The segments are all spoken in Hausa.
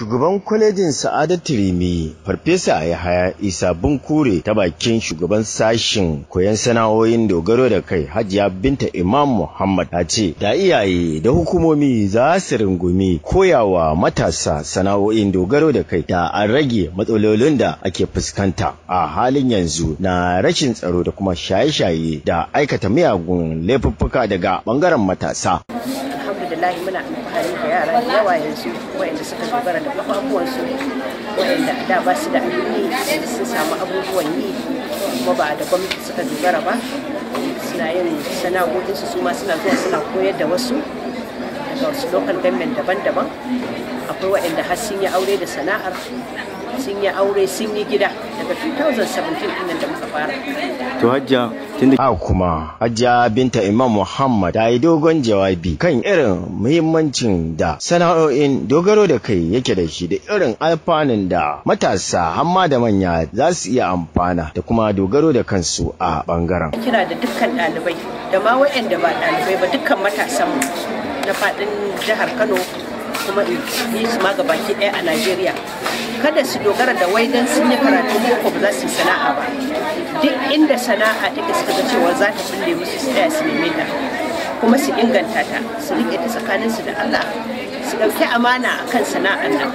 Shugaban kwalejin Sa'adatu Rimi, Farfesa haya Isa Bunkure ta bakin shugaban sashin koyon sana'o'in dogaro da kai Hajiya Binta Imam Muhammad ta ce, da iyaye da hukumomi za su rungumi koyawa matasa sana'o'in dogaro da kai da an rage matsalolin da ake fuskanta a halin yanzu na rashin tsaro da kuma shaye-shaye da aikata miyagun laifuffuka daga bangaren matasa. wallahi muna amfani da yara da yawa yanzu wa'anda suka dogara da kafafuwansu wa'anda da ba su da abin sun samu abubuwan yi kuma ba da gwamnati suka dogara ba suna yin sana'o'insu su ma suna zuwa suna koyar da wasu ga wasu local daban-daban akwai waɗanda har sun yi aure da sana'ar sun yi aure sun yi gida daga 2017 inda da muka fara to hajja a kuma hajja binta imam muhammad ta yi dogon jawabi kan irin muhimmancin da sana'o'in dogaro da kai yake da shi da irin alfanun da matasa hamma da manya za su iya amfana da kuma dogaro da kansu a bangaren kira da dukkan ɗalibai da ma ba ɗalibai ba dukkan matasan na faɗin jihar kano kuma yi su ma gabaki ɗaya a najeriya kada su dogara da wai don sun yi karatu ko ba za su yi sana'a ba duk inda sana'a take suka ga cewa za ta bulle musu su tsaya su neme ta kuma su inganta ta su riƙe ta tsakaninsu da allah su ɗauki amana a kan sana'ar nan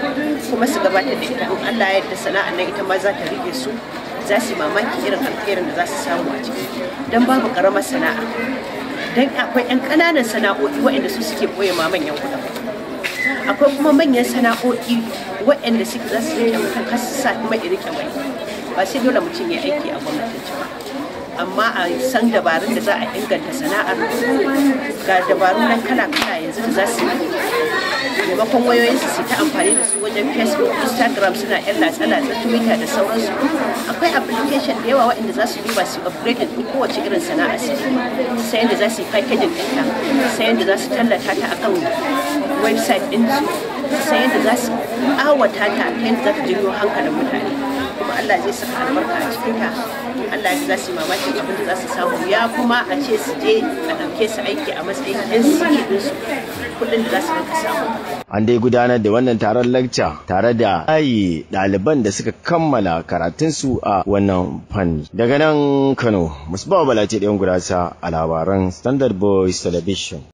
kuma su gabatar da ita in allah ya yarda sana'ar nan ita ma za ta rike su za su mamaki irin alherin da za su samu a ciki don babu ƙaramar sana'a don akwai 'yan ƙananan sana'o'i waɗanda su suke koya ma manyan kuɗin akwai kuma manyan sana'o'i waɗanda suke za su rike mutum har sa kuma ya rike mai ba sai dole mutum ya aiki a gwamnatin ba amma a san dabarun da za a inganta sana'ar ga dabarun nan kala-kala yanzu da za su yi maimakon wayoyin su ta amfani da su wajen facebook instagram suna yan latsala da twitter da sauransu akwai application da yawa waɗanda za su duba su upgrade ɗin kowace irin sana'a su sai yadda za su yi packaging ɗinka sai yadda za su tallata ta akan website ɗinsu sai yadda za su awata ta ta yadda za ta janyo hankalin mutane Allah zai saka albarka a cikin ta Allah ya za su yi mamaki abin da za su samu ya kuma a ce su je a ɗauke su aiki a matsayin yan sike su kuɗin da za su samu an dai gudanar da wannan taron lakca tare da ayi ɗaliban da suka kammala karatunsu a wannan fanni daga nan Kano musbawa balace ɗayan gurasa a labaran Standard Boys Television